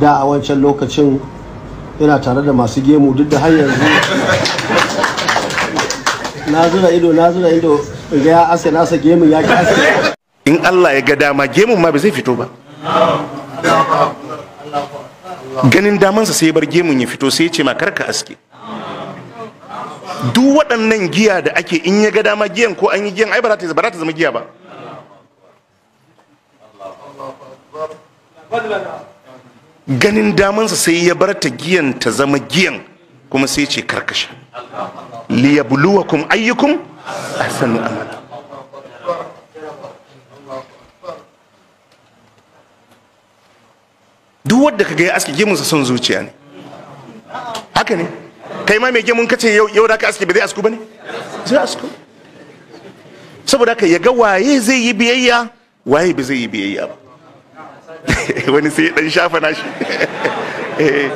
da a wancan lokacin yana tare da masu gemu duk da har yanzu na zura ido na zura ido ga ya ase nasa gemu ya ki ase in Allah ya ga dama gemun ma ba zai fito ba ganin damansa sai bar gemun ya fito sai ya ce ma karka aske duk waɗannan giya da ake in ya ga dama giyan ko an yi giyan ai ba za ta zama giya ba ganin damansa sai ya bar ta giyan ta zama giyan kuma sai ce karkasha liyabluwakum ayyukum ahsanu amala duk wanda kaga ya aske gemunsa son zuciya ne haka ne kai ma mai gemun kace yau yau da ka aske ba zai asku bane zai asku saboda ka yaga waye zai yi biyayya waye ba zai yi biyayya ba wani sai dan shafa nashi eh.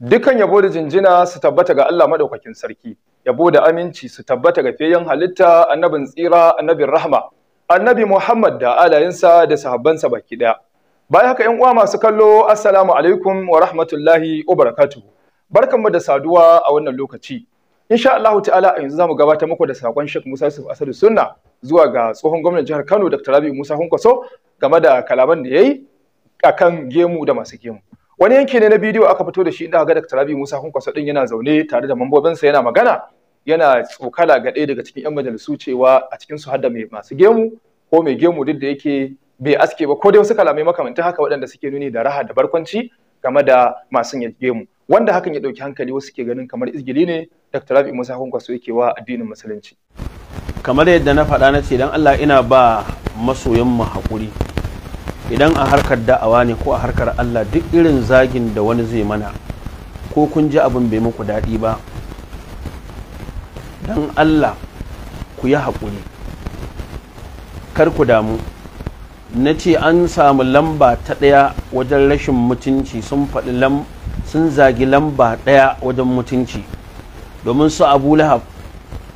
dukan yabo da jinjina su tabbata ga Allah madaukakin sarki yabo da aminci su tabbata ga fiyayyen halitta annabin tsira annabin rahma annabi Muhammad da alayinsa da sahabbansa baki daya bayan haka yan uwa masu kallo assalamu alaikum wa rahmatullahi wa barakatuh barkanmu da saduwa a wannan lokaci insha Allah ta'ala a yanzu zamu gabatar muku da sakon Sheikh Musa Yusuf Asadu Sunna zuwa ga tsohon gwamnan jihar Kano Dr. Rabi Musa Hunkoso game da kalaman da yayi akan gemu da masu gemu wani yanki ne na bidiyo aka fito da shi inda ga Dr. Rabi Musa Kwankwaso din yana zaune tare da mambobinsa yana magana yana tsokala ga ɗaya daga cikin 'yan majalisu cewa a cikin su hadda mai masu gemu ko mai gemu duk da yake bai aske ba ko dai wasu kalamai makamantan haka waɗanda suke nuni da raha da barkwanci game da masu gemu wanda hakan ya ɗauki hankali wasu ke ganin kamar izgili ne Dr. Rabi Musa Kwankwaso yake wa addinin musulunci. Kamar yadda na faɗa na ce dan Allah ina ba masoyan mu haƙuri idan a harkar da'awa ne ko a harkar Allah duk irin zagin da wani zai mana ko kun ji abin bai muku daɗi ba don Allah ku yi haƙuri kar ku damu na ce an samu lamba ta ɗaya wajen rashin mutunci sun faɗi sun zagi lamba ɗaya wajen mutunci domin su abu lahab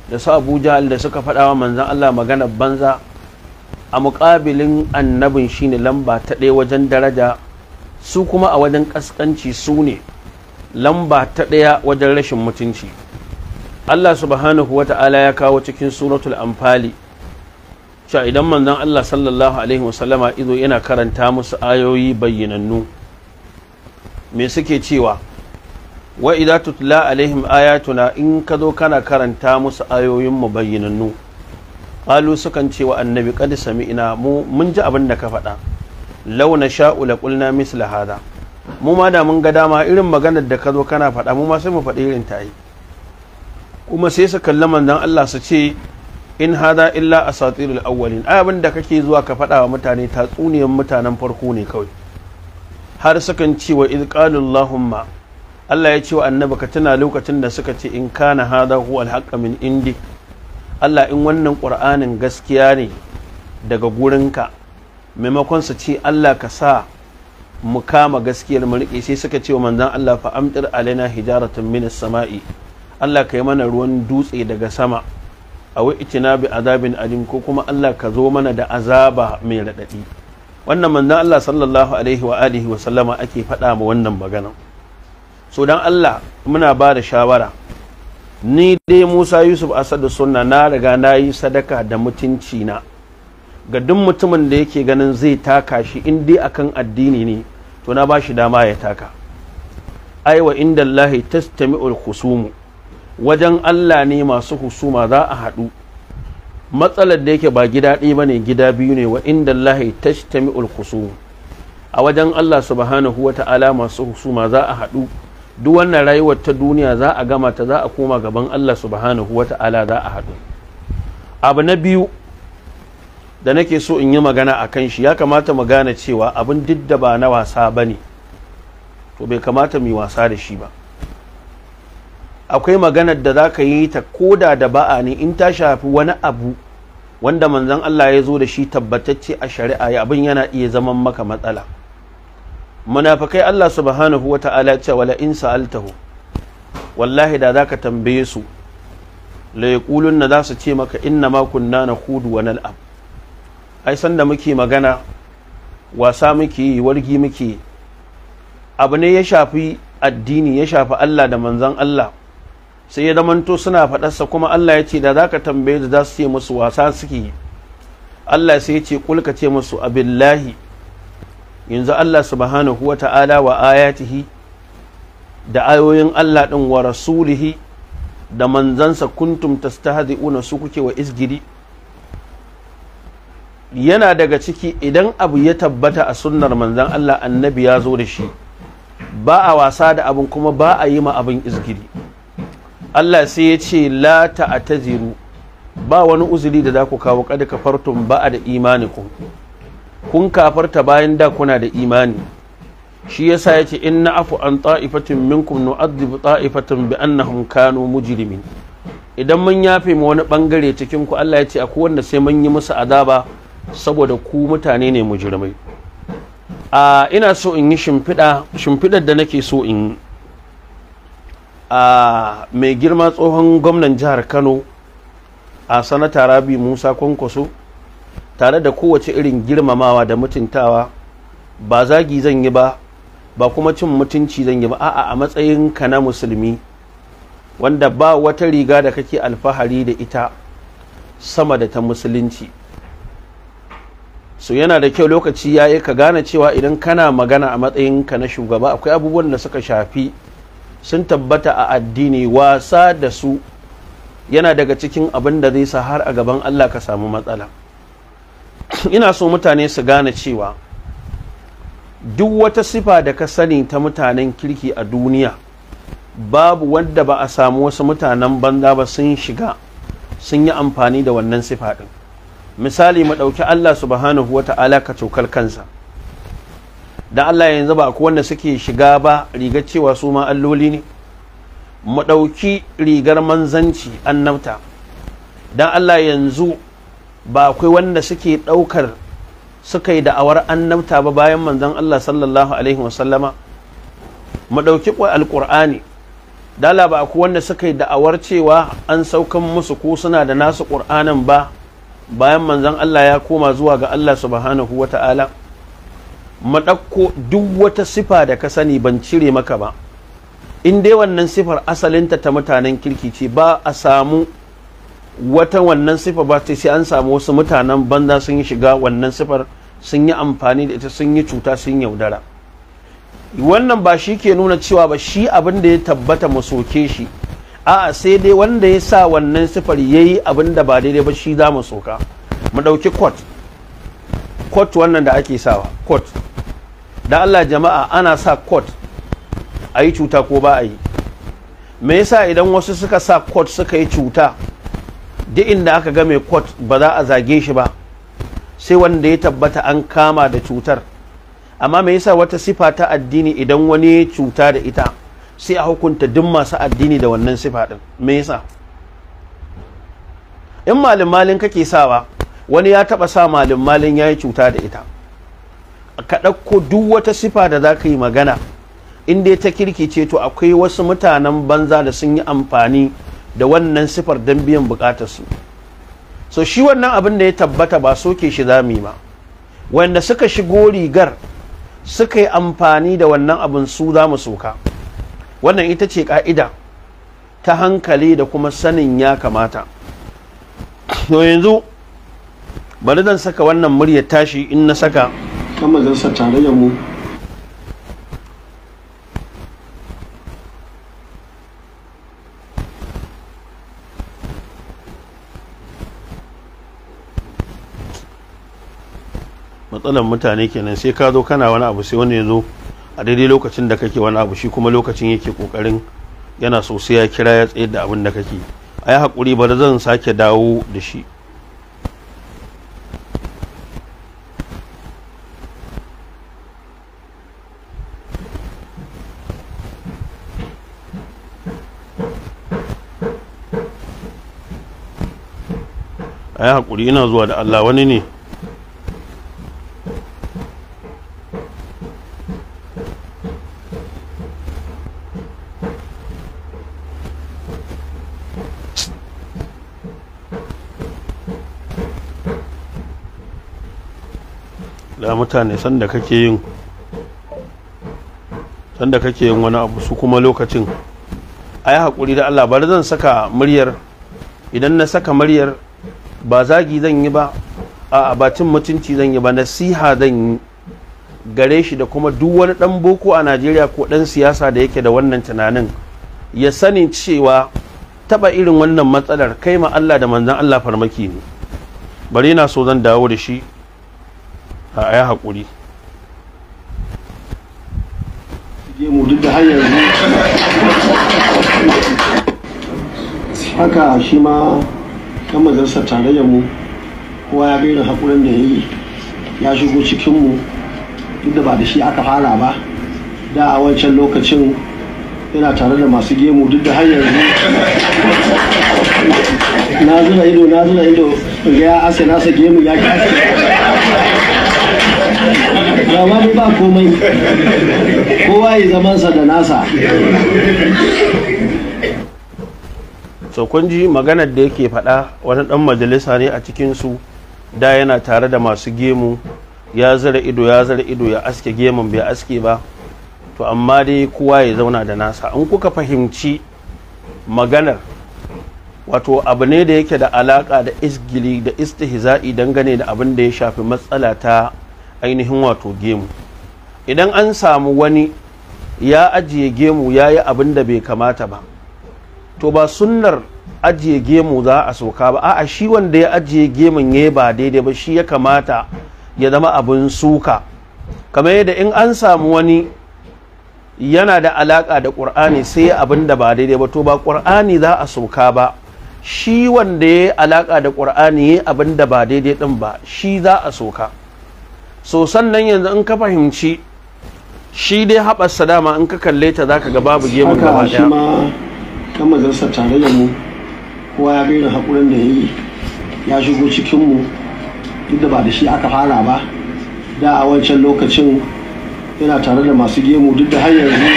da su abu jahal da suka faɗawa manzan Allah magana banza a mukabilin annabin shine lamba ta ɗaya wajen daraja su kuma a wajen ƙasƙanci su ne lamba ta ɗaya wajen rashin mutunci Allah subhanahu wa ta'ala ya kawo cikin suratul amfali cewa idan manzon Allah sallallahu alaihi wasallama izo yana karanta musu ayoyi bayyanannu me suke cewa wa idza tutla alaihim ayatuna in ka zo kana karanta musu ayoyin mu bayyanannu qalu sukan ce wa annabi qad sami'na mu mun ji abin da ka faɗa Lau na la qulna misla hada mu ma da mun ga dama irin maganar da ka zo kana faɗa mu ma sai mu faɗi irin ta yi kuma sai su kalli manzon Allah su ce in hada illa asatirul awwalin ai abin da kake zuwa ka faɗa wa mutane tatsuniyar mutanen farko ne kawai har sukan ce wa idqalu allahumma Allah ya ce wa annabi ka tuna lokacin da suka ce in ka na hada huwa alhaqqa min indi Allah in wannan ƙur'anin gaskiya ne daga gurinka maimakon su ce Allah ka sa mu kama gaskiyar mu riƙe sai suka ce wa manzon Allah fa amtir alaina hijaratan minas sama'i Allah ka yi mana ruwan dutse daga sama a wai itina bi azabin alim ko kuma Allah ka zo mana da azaba mai raɗaɗi wannan manzon Allah sallallahu alaihi wa alihi wa sallama ake faɗa ma wannan magana so dan Allah muna ba da shawara ni dai Musa Yusuf Asadu sunna na riga na yi sadaka da mutunci na ga duk mutumin da yake ganin zai taka shi in dai akan addini ne to na ba shi dama ya taka aiwa inda Allahi tastami'ul husumu wajen Allah ne masu husuma za a haɗu matsalar da yake ba gida ɗaya ne gida biyu ne wa inda ta tastami'ul husumu a wajen Allah subhanahu ta'ala masu husuma za a haɗu duk wannan rayuwar ta duniya za a gama ta za a koma gaban Allah subhanahu wa ta'ala za a haɗu abu na biyu da nake so in yi magana a kan shi ya kamata mu gane cewa abin duk da ba na wasa ba ne to bai kamata mu yi wasa da shi ba akwai maganar da za ka yi ta koda da ba'a ne in ta shafi wani abu wanda manzon Allah ya zo da shi tabbatacce a shari'a abin yana iya zaman maka matsala munafikai Allah subhanahu wa ta'ala ce wala in sa'altahu wallahi da zaka tambaye su la na za su ce maka inna ma kunna nakhudu wa nal'ab ai sanda muke magana wasa muke yi wargi muke abu ne ya shafi addini ya shafi Allah da manzon Allah sai ya zamanto suna faɗarsa kuma Allah ya ce da zaka tambaye da za su ce musu wasa suke yi Allah sai ya ce kulka ce musu abillahi yanzu Allah subhanahu wa ta'ala wa ayatihi da ayoyin Allah ɗin wa rasulihi da manzansa kuntum tastahzi'una su kuke wa isgiri yana daga ciki idan abu ya tabbata a sunnar manzan Allah annabi ya zo da shi ba a wasa da abin kuma ba a yi ma abin izgiri Allah sai ya ce la ta'taziru ba wani uzuri da za ku kawo kada ka fartun ba a da imanikun kun kafarta bayan da kuna da imani shi yasa yace na afu an ta'ifatin minkum nu'adhib ta'ifatan bi annahum kanu mujrimin idan mun yafe ma wani bangare cikin ku Allah yace akwai wanda sai mun yi musu azaba saboda ku mutane ne mujrimai a ina so in yi shimfiɗa shimfiɗar da nake so in yi a mai girma tsohon gwamnan jihar Kano a sanata Rabi Musa Kwankwaso tare da kowace irin girmamawa da mutuntawa ba zagi zan yi ba ba kuma cin mutunci zan yi ba a'a a matsayin ka na musulmi wanda ba wata riga da kake alfahari da ita sama da ta musulunci so yana da kyau lokaci ya yi ka gane cewa idan kana magana a matsayin ka na shugaba akwai abubuwan da suka shafi sun tabbata a addini wasa da su yana daga cikin abin da zai sa har a gaban Allah ka samu matsala ina so mutane su gane cewa duk wata sifa da ka sani ta mutanen kirki a duniya babu wanda ba a samu wasu mutanen banza ba sun shiga sun yi amfani da wannan sifa ɗin misali mu ɗauki Allah subhanahu wa ta'ala ka cokal kansa da Allah yanzu ba ku wanda suke shiga ba rigar cewa su ma alloli ne mu ɗauki rigar manzanci annabta dan Allah yanzu ba akwai wanda suke ɗaukar suka yi da'awar annabta ba bayan manzon Allah sallallahu alaihi wasallama mu ɗauki alƙur'ani dala ba akwai wanda suka yi da'awar cewa an saukan musu ko suna da nasu ƙur'anin ba bayan manzon Allah ya koma zuwa ga Allah subhanahu wa ta'ala mu ɗauko duk wata sifa da ka sani ban cire maka ba in dai wannan sifar asalinta ta mutanen kirki ce ba a samu wata wannan sifa ba ta sai an samu wasu mutanen banza sun yi shiga wannan sifar sun yi amfani da ita sun yi cuta sun yaudara wannan ba shi ke nuna cewa ba shi abin da ya tabbata mu soke shi a'a sai dai wanda ya sa wannan sifar ya yi abin da ba daidai ba shi za mu soka mu ɗauki kwat kwat wannan da ake sawa kwat da Allah jama'a ana sa kwat a yi cuta ko ba a yi me yasa idan wasu suka sa kwat suka yi cuta duk inda aka ga mai kot ba za a zage shi ba sai wanda ya tabbata an kama da cutar amma me yasa wata sifa ta addini idan wani cuta da ita sai a hukunta duk masu addini da wannan sifa din me yasa in malin malin kake sawa wani ya taba sa malin malin yi cuta da ita ka ɗauko duk wata sifa da za ka yi magana in dai ta kirki ce to akwai wasu mutanen banza da sun yi amfani da wannan sifar don biyan bukatarsu so shi wannan abin da ya tabbata ba soke shi zami ma wanda suka shigo rigar suka yi amfani da wannan abin su za mu soka wannan ita ce ka'ida ta hankali da kuma sanin ya kamata to yanzu bari zan saka wannan muryar tashi in na saka kama zan sa tarayyar mu matsalar mutane kenan sai ka zo kana wani abu sai wani ya zo a daidai lokacin da kake wani abu shi kuma lokacin yake kokarin yana so sai ya kira ya tsayar da abin da kake a yi haƙuri ba zan sake dawo da shi a yi haƙuri ina zuwa da allah wani ne mutane sanda kake yin sanda kake yin wani abu su kuma lokacin a yi haƙuri da Allah bari zan saka muryar idan na saka muryar ba zagi zan yi ba a abacin mutunci zan yi ba nasiha zan yi gare shi da kuma duk wani ɗan boko a najeriya ko ɗan siyasa da yake da wannan tunanin ya sani cewa taɓa irin wannan matsalar kai ma Allah da manzan Allah farmaki ne bari na so zan dawo da shi a ya haƙuri haka shi ma ɗan majalisar tarayyar mu kowa ya gaira haƙurin da ya yi ya shigo cikinmu duk da ba da shi aka fara ba da a wancan lokacin yana tare da masu gemu duk da hanyar yanzu na zura ido na zura ido ga ya ase nasa gemu ya kasa yawa ba komai kowa ya zamansa da nasa so ji maganar da yake faɗa wani ɗan majalisa ne a cikinsu da yana tare da masu gemu ya zara ido ya zara ido ya aske gemun bai aske ba to amma dai kowa ya zauna da nasa in kuka fahimci maganar wato abu ne da yake da alaka da isgili da istihza'i dangane da abin da ya shafi matsala ta ainihin wato gemu idan an samu wani ya ajiye gemu ya yi abin da bai kamata ba to ba sunnar ajiye gemu za a soka ba a'a shi wanda ya ajiye gemun ya ba daidai ba shi ya kamata ya zama abin suka kamar yadda in an samu wani yana da alaka da ƙur'ani sai ya abin da ba daidai ba to ba ƙur'ani za a soka ba shi wanda ya yi alaƙa da ƙur'ani ya abin da ba daidai din ba shi za a soka so sannan yanzu in ka fahimci shi dai haɓarsa dama in ka kalle ta zaka ga babu gemu gaba ɗaya haka kan mazarsa tare da mu kowa ya gaira haƙurin da ya yi ya shigo cikin mu duk da ba da shi aka fara ba da a wancan lokacin yana tare da masu gemu duk da har yanzu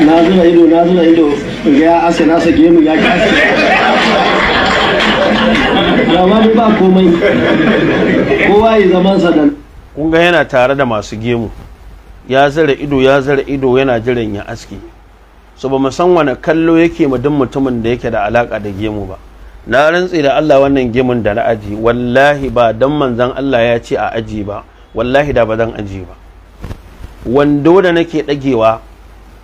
na zura ido na zura ido ga ya asa nasa gemu ya kasa amma ba komai kowa ya zaman da kun ga yana tare da masu gemu ya zara ido ya zara ido yana jiran ya aski so ba san wani kallo yake ma duk mutumin da yake da alaka da gemu ba na rantse da Allah wannan gemun da na aji wallahi ba dan manzon Allah ya ce a aji ba wallahi da ba zan aji ba wando da nake dagewa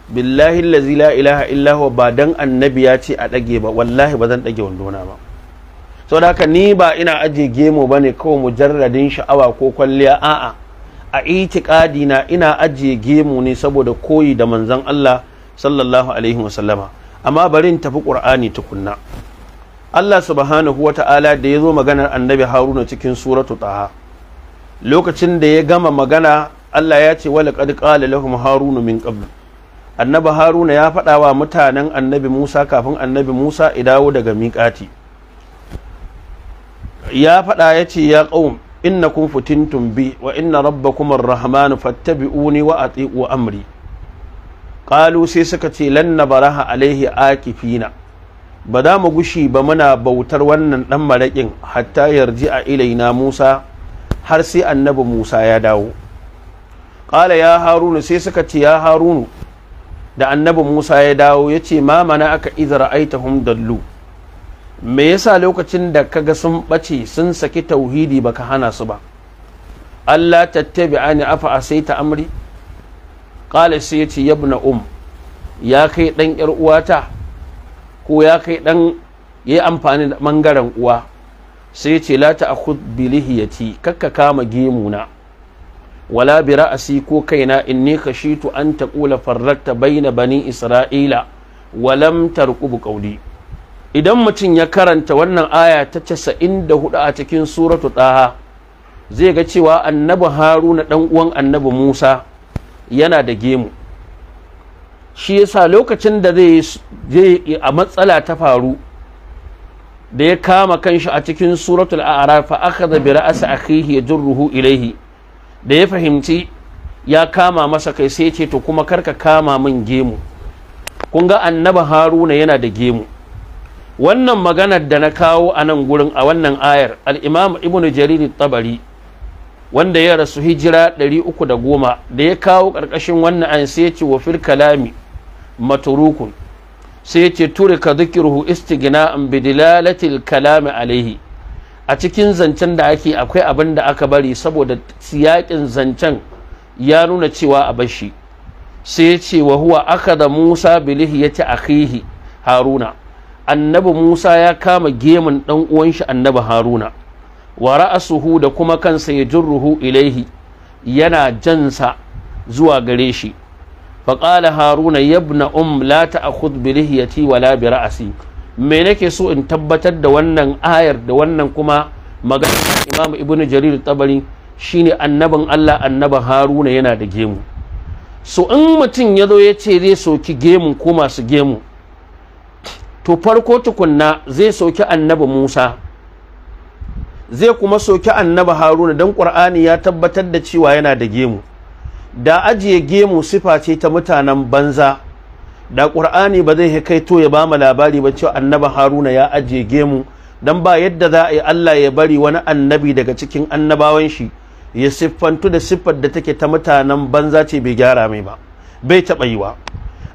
billahi allazi la ilaha illa ba dan annabi ya ce a dage ba wallahi ba zan dage wandona ba sau da haka ni ba ina ajiye gemu ba ne kawai mujarradin sha'awa ko kwalliya a'a a itikadi na ina ajiye gemu ne saboda koyi da manzon Allah sallallahu alaihi wasallama amma bari in tafi ƙur'ani tukunna Allah subhanahu ta'ala da ya zo maganar annabi Haruna cikin suratu taha lokacin da ya gama magana Allah ya ce wala qad qala lahum harunu min annabi Haruna ya faɗawa mutanen annabi Musa kafin annabi Musa ya dawo daga miƙati ya faɗa ya ce ya ƙaun inna kun fitin bi wa inna rahmanu fatta rahman ne wa ati'u amri ƙalu sai suka ce lan nabaraha alaihi akifina ba za mu gushi ba muna bautar wannan ɗan maraƙin hatta yarji a ilaina Musa har sai annabi Musa ya dawo ƙala ya harunu sai suka ce ya harunu da annabi Musa ya dawo yace ma mana aka aita ra'aitahum dallu me yasa lokacin da kaga sun ɓace sun saki tauhidi baka hana su ba Allah tattabi ani afa asaita amri qala sai yace yabna um ya kai ɗan yar uwata ko ya kai dan yayi amfani da ɓangaren uwa sai yace la ta'khud bi lihiyati kakka kama gemuna wala bi ra'asi ko kaina in inni kashitu an taqula farrakta baina bani isra'ila walam tarqubu qawli idan mutum ya karanta wannan aya ta casa'in da hudu a cikin suratu ɗaha zai ga cewa annabi haruna ɗan uwan annabi musa yana da gemu shi yasa lokacin da zai a matsala ta faru da ya kama kanshi a cikin suratul a'raf fa akhadha bi ra'si akhihi yajruhu ilaihi da ya fahimci ya kama masa kai sai ce to kuma karka kama min gemu kun ga annabi haruna yana da gemu wannan maganar da na kawo a nan gurin a wannan ayar al'imam ibn jarir tabari wanda ya rasu hijira 310 da ya kawo ƙarƙashin wannan an sai ce wa fil kalami maturukun sai ce ka istigina an istighna'an bidilalatil kalami alaihi a cikin zancen da ake akwai abin da aka bari saboda siyakin zancen ya nuna cewa a bashi sai ce wa huwa aka da musa bilihi ya ci akhihi haruna annabi Musa ya kama gemun ɗan uwan shi annabi Haruna wa ra'asuhu da kuma kansa ya jurruhu ilaihi yana jansa zuwa gare shi faƙala haruna yabna um la ta'khud bi lihiyati wala bi ra'si me nake so in tabbatar da wannan ayar da wannan kuma magana Imam ibnu Jarir Tabari shine annabin Allah annabi Haruna yana da gemu so in mutum ya zo ya ce zai soki gemun ko masu gemu to farko tukunna zai soki annabi Musa zai kuma soki annabi Haruna dan Qur'ani ya tabbatar da cewa yana da gemu da ajiye gemu sifa ce ta mutanen banza da Qur'ani ba zai kai to ya ba mu labari ba cewa annabi Haruna ya ajiye gemu dan ba yadda za a yi Allah ya bari wani annabi daga cikin annabawan shi ya siffantu da siffar da take ta mutanen banza ce bai gyara mai ba bai taɓa yi wa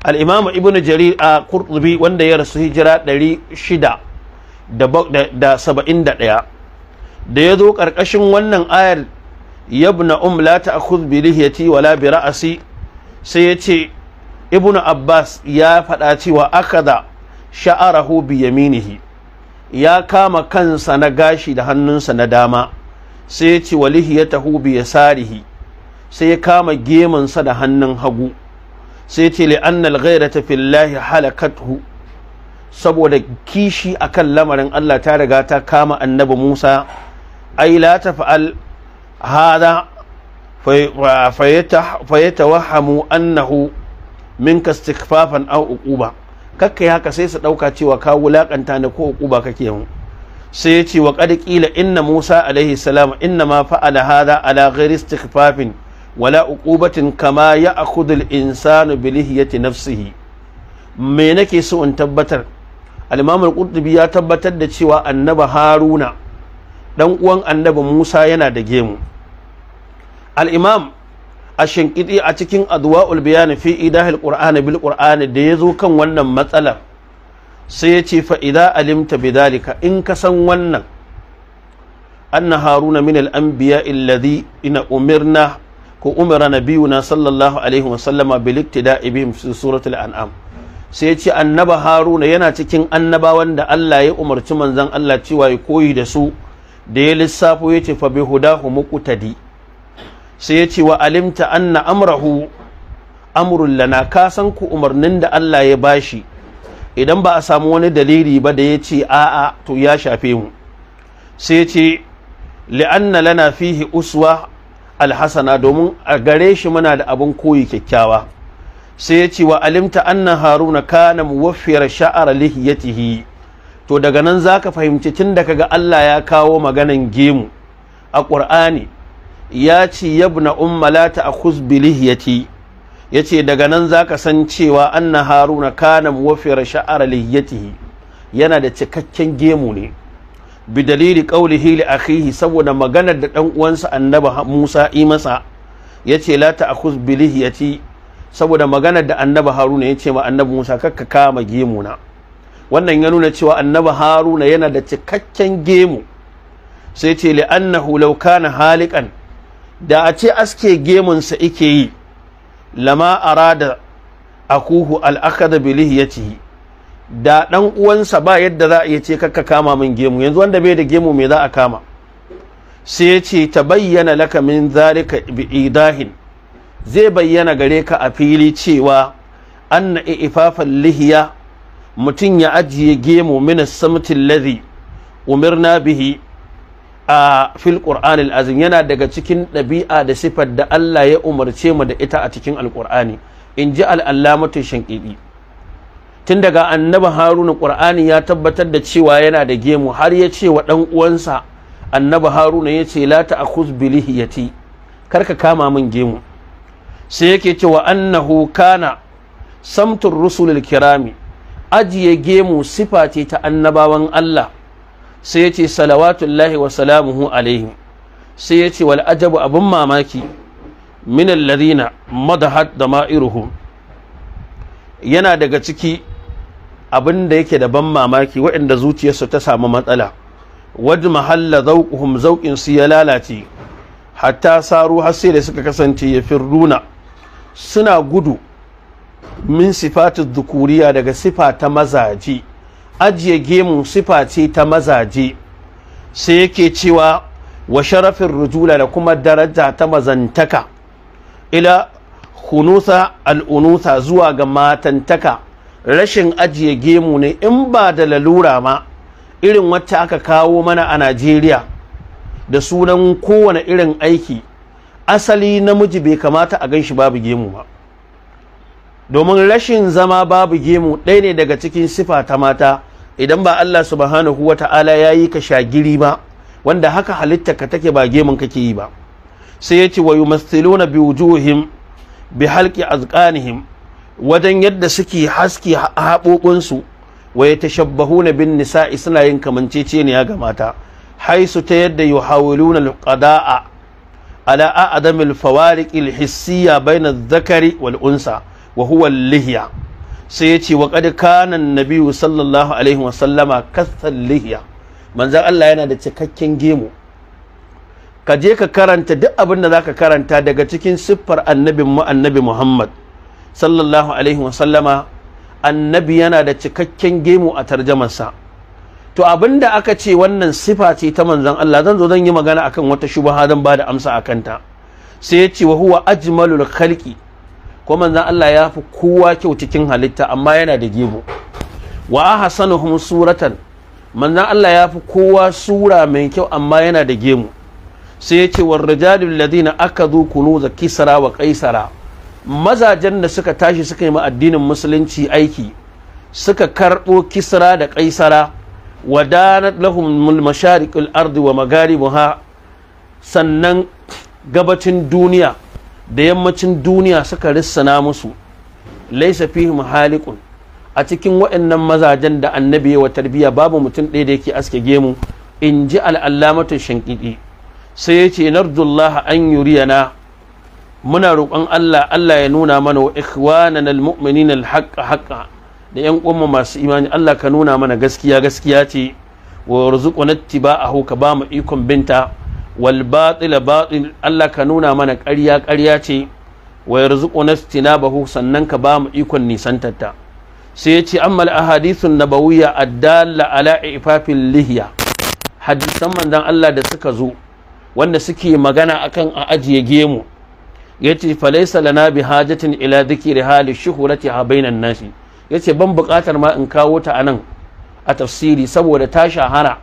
al ibn ibnu jarir a qurtubi wanda ya rasu hijira 671 da ya zo ƙarƙashin wannan ayar yabna um la ta'khudh bi lihiyati wala bi ra'asi sai ya ce ibn abbas ya faɗa cewa akada sha'arahu bi yaminihi ya kama kansa na gashi da hannunsa na dama sai ya ce walihiyatahu bi yasarihi sai ya kama gemunsa da hannun hagu sai ce li annal ghairata fillahi halakathu saboda kishi akan lamarin Allah ta riga ta kama annabi Musa ai la taf'al hada fayatawahhamu annahu minka istighfafan aw uquba kakkai haka sai su dauka cewa ka wulakanta ne ko uquba kake mu sai ya ce wa qad qila inna Musa alaihi salam inna ma fa'ala hada ala ghairi istighfafin wala uqubatin kama ya akhudul insanu bi lihiyati nafsihi me nake so in tabbatar al-imam al-qurtubi ya tabbatar da cewa annaba haruna dan uwan annabi musa yana da gemu al-imam ashinkidi a cikin adwa'ul bayan fi idahil qur'ani bil qur'ani da yazo kan wannan matsalar sai yace fa idza alimta bidalika in ka san wannan anna haruna min al-anbiya alladhi ina umirna ko umara nabiyuna sallallahu alaihi wasallama bil iktida'i bihim fi suratul an'am sai ya ce annaba haruna yana cikin annabawan da Allah ya umarci manzon Allah cewa ya koyi da su da ya lissafo ya ce fa bi hudahu muqtadi sai ya ce wa alimta anna amrahu amrun lana ka san ku umarnin da Allah ya bashi idan ba a samu wani dalili ba da ya ce a'a to ya shafe mu sai ya ce li'anna lana fihi uswa alhasana domin a gare shi muna da abin koyi kyakkyawa sai ya ce wa alimta anna haruna kana wafiyar sha'ar lihiyatihi to daga nan za ka fahimci tun da kaga Allah ya kawo maganan gemu a ƙur'ani ya ce yabna ummalata la a bi lihiyati yace daga nan za ka san cewa anna haruna kana wafiyar sha'ar lihiyatihi yana da cikakken gemu ne bi dalili qawlihi li akhihi saboda maganar da dan uwansa annabi Musa yi masa yace la ta'khuz bi lihiyati saboda maganar da annabi Haruna ya ce ma annabi Musa kakka kama gemu na wannan ya nuna cewa annabi Haruna yana da cikakken gemu sai ce annahu law kana halikan da a ce aske gemunsa ike yi lama arada akuhu al'akada ya lihiyatihi da ɗan uwansa ba yadda za a iya ce kakka kama min gemu yanzu wanda bai da gemu me za a kama sai ya ce ta bayyana laka min zalika bi'idahin zai bayyana gare ka a fili cewa anna ifafan lihiya mutum ya ajiye gemu min samtin ladhi umirna bihi a fil qur'anil azim yana daga cikin ɗabi'a da sifar da Allah ya umarce mu da ita a cikin alqur'ani in ji al'allamatu shanqidi tun daga annabi haruna ƙur'ani ya tabbatar da cewa yana da gemu har ya ce wa ɗan uwansa annabi haruna ya ce la bilihi bi kar karka kama min gemu sai yake cewa annahu kana samtun rusulul kirami ajiye gemu sifa ce ta annabawan Allah sai yace salawatullahi wa salamuhu alaihi sai yace wal ajabu abun mamaki min alladhina madahat dama'iruhum yana daga ciki abin da yake da ban mamaki waɗanda zuciyarsu ta samu matsala wajen mahalla zauƙuhum zauƙin su ya lalace hatta saru har sai da suka kasance ya firruna suna gudu min sifatu dhukuriya daga sifa ta mazaje ajiye gemu sifa ce ta mazaje sai yake cewa wa sharafin rujula da kuma daraja ta mazantaka ila hunusa al'unusa zuwa ga matantaka rashin ajiye gemu ne in ba da lalura ma irin wacce aka kawo mana a Najeriya da sunan kowane irin aiki asali namiji bai kamata a gan shi babu gemu ba domin rashin zama babu gemu ɗaya ne daga cikin sifa ta mata idan ba Allah subhanahu wa ta'ala ya yi ka shagiri ba wanda haka halitta ka take ba gemun kake yi ba sai ya ce wa mastilona bi wujuhim bi halki azqanihim wajen yadda suke haske haɓoɓinsu wa ya tashabbahu na bin nisa'i suna yin kamanceceniya ga mata haisu ta yadda yi hawiluna alƙada'a ala adamin fawariƙi bai na zakari wal unsa wa huwa lihiya sai ya ce wa kad na nabiyu sallallahu alaihi wa sallama kasan lihiya Manzan Allah yana da cikakken gemu ka je ka karanta duk abin da za ka karanta daga cikin siffar annabin mu annabi Muhammad sallallahu alaihi wasallama annabi yana da cikakken gemu a tarjamarsa to abinda aka ce wannan sifa ce ta manzon Allah zan zo zan yi magana akan wata shubha dan bada amsa akan ta sai ya ce wa huwa ajmalul khalqi ko manzon Allah ya fi kowa kyau cikin halitta amma yana da gemu wa ahsanuhum suratan manzon Allah ya fi kowa sura mai kyau amma yana da gemu sai ya ce war rijalul ladina akadu kunuza kisra wa qaisara mazajen da suka tashi suka yi ma addinin musulunci aiki suka karɓo kisra da ƙaisara wadanat lahum mashariqul ardi wa magaribuha sannan gabacin duniya da yammacin duniya suka rissana musu laisa fihim halikun a cikin waɗannan mazajen da annabi wa tarbiyya babu mutum ɗaya da yake aske gemu in ji al'allamatu shinkiɗi sai ya ce nardullah an yuriyana muna roƙon Allah Allah ya nuna mana wa ikhwanan almu'minin alhaq haqqa da yan uwanmu masu imani Allah ka nuna mana gaskiya gaskiya ce wa ruzuqna ittiba'ahu ka ba mu ikon binta wal batil batil Allah ka nuna mana ƙarya ƙarya ce wa ruzuqna tinabahu sannan ka ba mu ikon nisantarta sai ya yace amma ahadithun nabawiyya addalla ala ifafil lihiya hadisan manzon Allah da suka zo wanda suke magana akan a ajiye gemu yace falaysa lana bihajatin ila dhikri hali shuhurati ha bainan nasi yace ban buƙatar ma in kawo ta anan a tafsiri saboda ta shahara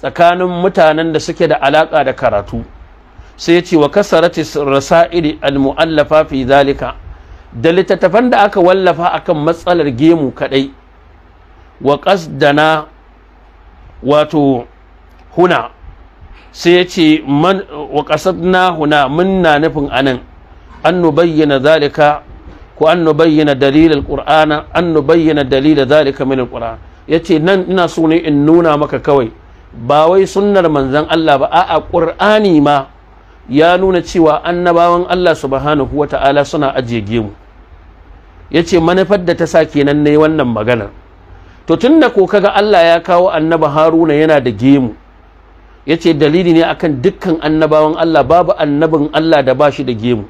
tsakanin mutanen da suke da alaka da karatu sai yace wa kasarati rasa'ili almu'allafa fi zalika da littattafan da aka wallafa akan matsalar gemu kadai wa qasdana wato huna sai ya ce wa na huna mun na nufin anan an nubayyana zalika ko an nubayyana dalilin qur'ana an yace nan ina so in nuna maka kawai ba wai sunnar manzon Allah ba a'a qur'ani ma ya nuna cewa annabawan Allah subhanahu ta'ala suna ajiye gemu yace manufar da ta sa kenan ne wannan maganar. to tunda ko kaga Allah ya kawo annabi Haruna yana da gemu yace dalili ne akan dukkan annabawan Allah babu annabin Allah da ba shi da gemu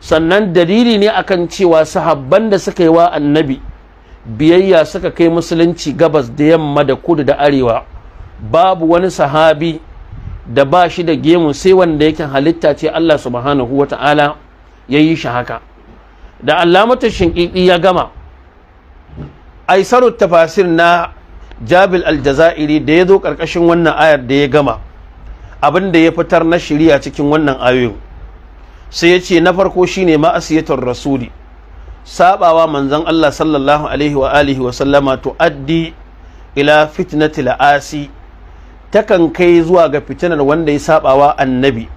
sannan dalili ne a kan cewa sahabban da suka yi wa annabi biyayya suka kai musulunci gabas da yamma da kudu da arewa babu wani sahabi da ba shi da gemu sai wanda yake halitta ce Allah subhanahu wa ta'ala ya yi shi haka da alamatar shinƙiƙi ya gama aisarut tafasir na jabil aljazairi da ya zo ƙarƙashin wannan ayar da ya gama abin da ya fitar na shirya cikin wannan ayoyin sai ya ce na farko shine ma'asiyatar rasuli sabawa manzon Allah sallallahu alaihi wa alihi wa sallama tuaddi ila fitnati la'asi takan kai zuwa ga fitinar wanda ya sabawa annabi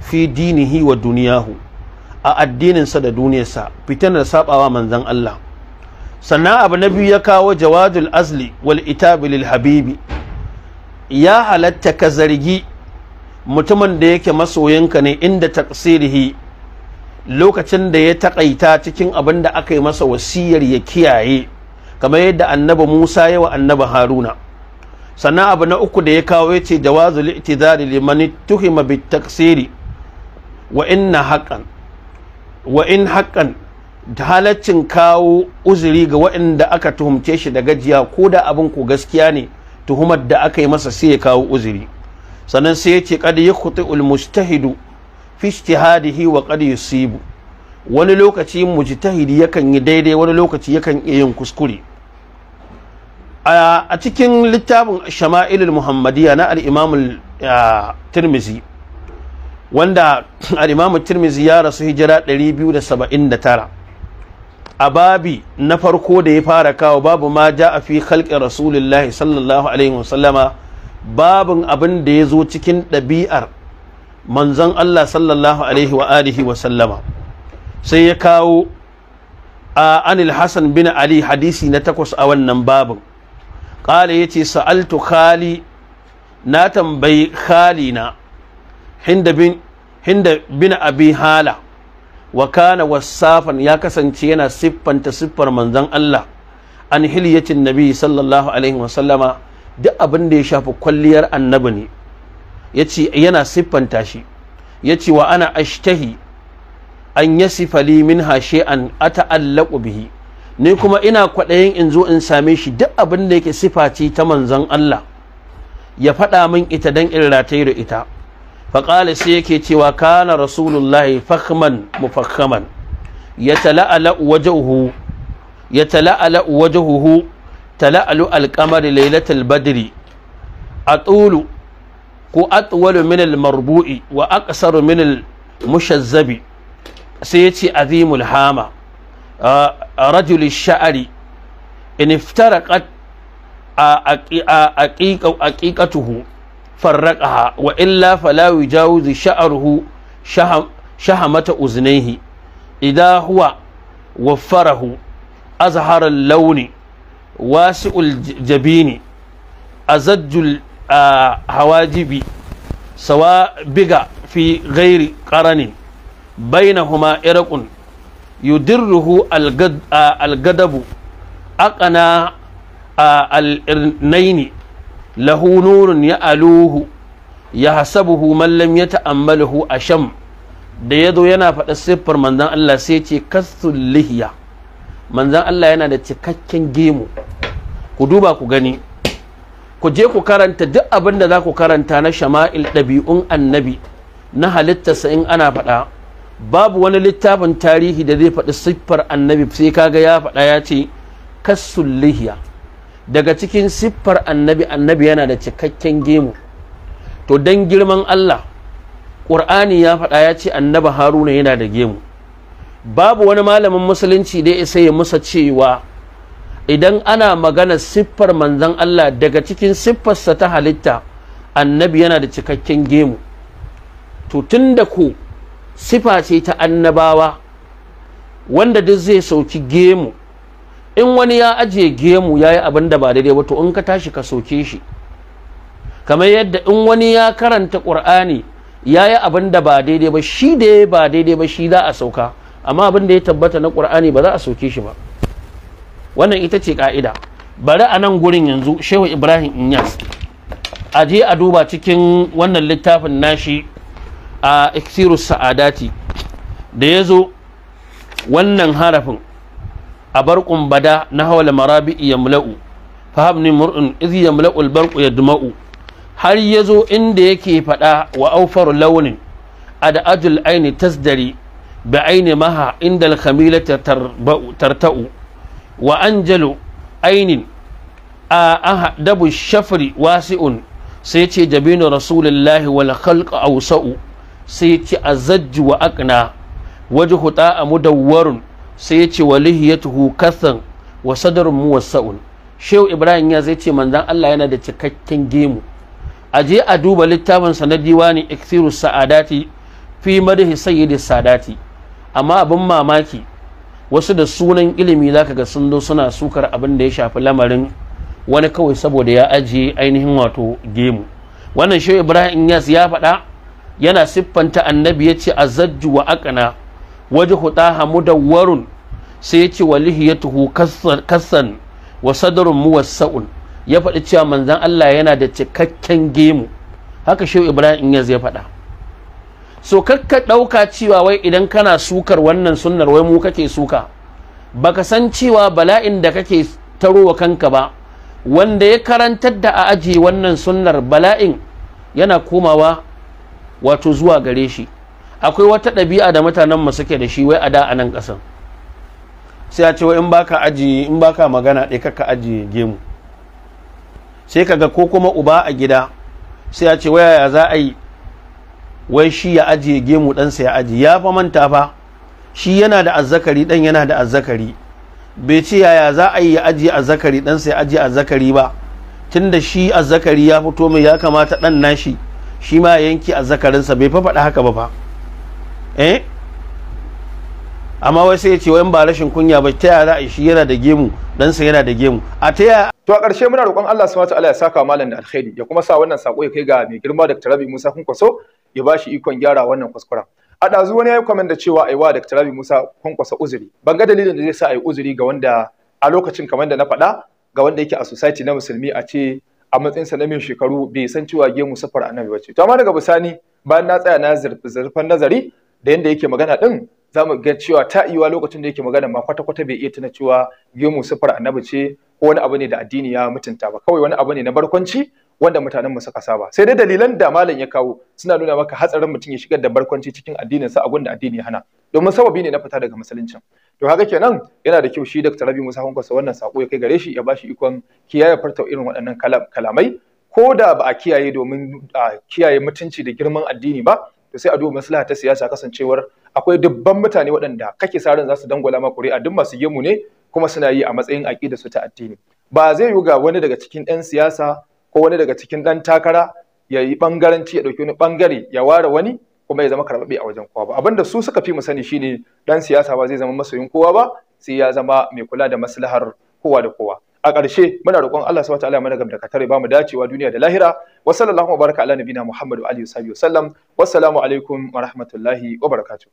fi dinihi wa duniyahu a addininsa da duniyarsa fitinar sabawa manzon Allah sannan abu na biyu ya kawo jawadul azli wal itabi habibi ya halatta ka zargi mutumin da yake masoyinka ne inda taqsirihi lokacin da ya taƙaita cikin abin da aka yi masa wasiyar ya kiyaye kamar yadda annabi Musa ya wa annabi Haruna sannan abu na uku da ya kawo ya ce jawazul i'tizari liman tuhima bit wa inna haqqan wa in haqqan halaccin kawo uzuri ga waɗanda aka tuhumce shi da gajiya ko da abin ku gaskiya ne tuhumar da aka yi masa sai ya kawo uzuri sannan sai ya ce kad yakhti'ul mujtahidu fi ijtihadihi wa kad yusibu wani lokaci mujtahidi yakan yi daidai wani lokaci yakan iya yin kuskure a cikin littafin shama'ilul muhammadiyya na al-imam tirmizi wanda al-imam tirmizi ya rasu hijira 279 a babi na farko da ya fara kawo babu ma ja'a fi khalqi rasulillahi sallallahu alaihi sallama. babin abin da ya zo cikin ɗabi'ar manzon Allah sallallahu alaihi wa alihi wa sallama sai ya kawo a anil Hassan bin Ali hadisi na takwas a wannan babin ƙala ya ce sa'altu khali na tambayi khali na hinda bin abi hala wa kana wasafan ya kasance yana siffanta siffar manzon Allah an hilyacin nabi sallallahu alaihi wa sallama duk abin da ya shafi kwalliyar annabi ne ya ce yana siffanta shi ya ce wa ana ashtahi an ya sifali min hashe an ata'allaku bihi ni kuma ina kwaɗayin in zo in same shi duk abin da yake sifaci ta manzon Allah ya faɗa min ita dan in rataye da ita faƙala sai yake cewa kana rasulullahi fahman mufakhaman ya tala'ala wajahu ya tala'ala wajahuhu tala'alu alƙamari lailatul badri a tsulu ko atwalu min marbu'i wa aqsaru min mushazzabi sai ci ce azimul hama rajul sha'ari in iftaraqat aqiqa aqiqatuhu farraqaha wa illa fala yujawizu sha'ruhu shahamata uznaihi idha huwa waffarahu azhara al-lawni wasi'ul jabini a hawajibi sawa biga fi ghairi qaranin bainahuma irqun yudirruhu algadabu aqna a irnaini lahu nurun ya'aluhu yahsabuhu man lam yata'ammaluhu asham da ya zo yana faɗa siffar manzan Allah sai ce kastul lihiya manzan Allah yana da cikakken gemu ku duba ku gani ku je ku karanta duk abin da za ku karanta na shama'il ɗabi'un annabi na halittarsa in ana faɗa babu wani littafin tarihi da zai faɗi siffar annabi sai kaga ya faɗa ya ce kassul lihiya daga cikin siffar annabi annabi yana da cikakken gemu to don girman Allah ƙur'ani ya faɗa ya ce annaba haruna yana da gemu babu wani malamin musulunci da ya isa ya musa cewa idan ana magana siffar manzan Allah daga cikin siffarsa ta halitta annabi yana da cikakken gemu to tun da ku, sifa ce ta annabawa wanda duk zai sauki gemu in wani ya ajiye gemu ya yi abin da ba daidai ba in ka tashi ka soke shi kamar yadda in wani ya karanta ƙur'ani ya yi abin da ba daidai ba shi da ya ba daidai ba shi za a sauka amma abin da ya tabbata na ƙur'ani ba za a sauke shi ba wannan ita ce ka'ida bari a nan gurin yanzu shehu ibrahim inyas a je a duba cikin wannan littafin nashi a iksiru sa'adati da ya zo wannan harafin a barƙun bada na hawala marabi'i ya mula'u fahamni mur'un izi ya mula'u albarku ya duma'u har ya zo inda yake faɗa wa aufar launin a da ajul aini tasdari bi aini maha inda alkamila tarta'u wa anjalu ainin a ahdabu shafri wasi'un sai ce jabinu rasulullahi wal khalq awsa'u sai ce azajj wa aqna wajhu a mudawwarun sai ce tuhu kasan wa sadrun muwassa'un shehu ibrahim ya zai ce manzan Allah yana da cikakken gemu a je a duba littafin sanadiwa ne ikthiru sa'adati fi madhi sayyidi sa'adati amma abin mamaki wasu da sunan ilimi za ka ga sun zo suna sukar abin da ya shafi lamarin wani kawai saboda ya ajiye ainihin wato gemu wannan shi ibrahim yas ya faɗa yana siffanta annabi ya ce azajju wa akana waje huɗa hamudawwarun sai ya ce wa lihiyatuhu kassan wa sadarun muwassa'un ya faɗi cewa manzan Allah yana da cikakken gemu haka shi ibrahim yas ya faɗa so kakka ɗauka cewa wai idan kana sukar wannan sunnar wai mu kake suka baka san cewa bala'in da kake tarowa kanka ba wanda ya karantar da a ajiye wannan sunnar bala'in yana komawa wato zuwa gare shi akwai wata ɗabi'a da mutanen mu suke da shi wai a da a nan ƙasan sai a ce wai in baka ajiye in baka magana ɗaya kakka ajiye gemu sai kaga ko kuma uba a gida sai a ce waya za a yi wai shi ya ajiye gemu ɗansa ya ajiye ya fa manta fa shi yana da azzakari ɗan yana da azzakari bai ce yaya za a yi ya ajiye azzakari ɗansa ya ajiye azzakari ba tunda shi azzakari ya fito mai ya kamata ɗan nashi shi ma yanki azzakarinsa bai fa faɗa haka ba fa eh amma wai sai ya ce wayan ba rashin kunya ba ta yaya shi yana da gemu ɗansa yana da gemu a ta yaya to a ƙarshe muna roƙon Allah subhanahu wa ta'ala ya saka malam da alkhairi ya kuma sa wannan sako ya kai ga mai girma da Rabi Musa Kunkoso ya ba shi ikon gyara wannan kuskuren a ɗazu wani ya yi kwamen da cewa a yi wa Dr. Rabi Musa kwankwasa uzuri ban ga dalilin da zai sa a yi uzuri ga wanda a lokacin kamar da na faɗa ga wanda yake a society na musulmi a ce a matsayinsa na min shekaru bai san cewa gemu safar annabi ba ce to amma daga bisani bayan na tsaya na nazari da yanda yake magana din za mu ga cewa ta iya lokacin da yake magana ma kwata-kwata bai iya tuna cewa gemu safar annabi ce ko wani abu ne da addini ya mutunta ba kawai wani abu ne na barkwanci wanda mutanen mu suka saba sai dai dalilan da malam ya kawo suna nuna maka hatsarin mutum ya shigar da barkwanci cikin addinin sa a gunda addini ya hana domin sababi ne na fita daga musuluncin to haka kenan yana da kyau shi Dr. Rabi Musa sa wannan sako ya kai gare shi ya bashi ikon kiyaye farta irin waɗannan kalamai ko da ba a kiyaye domin a kiyaye mutunci da girman addini ba to sai a duba maslaha ta siyasa kasancewar akwai dubban mutane waɗanda kake sa ran za su dangwala ma ƙuri'a duk masu gemu ne kuma suna yi a matsayin aƙida su ta addini ba zai yi ga wani daga cikin ɗan siyasa ko wani daga cikin ɗan takara ya yi ɓangaranci ya ɗauki wani bangare ya ware wani kuma ya zama karɓaɓɓe a wajen kowa ba abin su suka fi mu sani shine ɗan siyasa ba zai zama masoyin kowa ba sai ya zama mai kula da maslahar kowa da kowa a ƙarshe muna roƙon Allah subhanahu wataala mana daga da katare ba mu dacewa duniya da lahira wa sallallahu baraka ala nabina Muhammadu alihi wa sallam wassalamu alaikum wa rahmatullahi wa barakatuh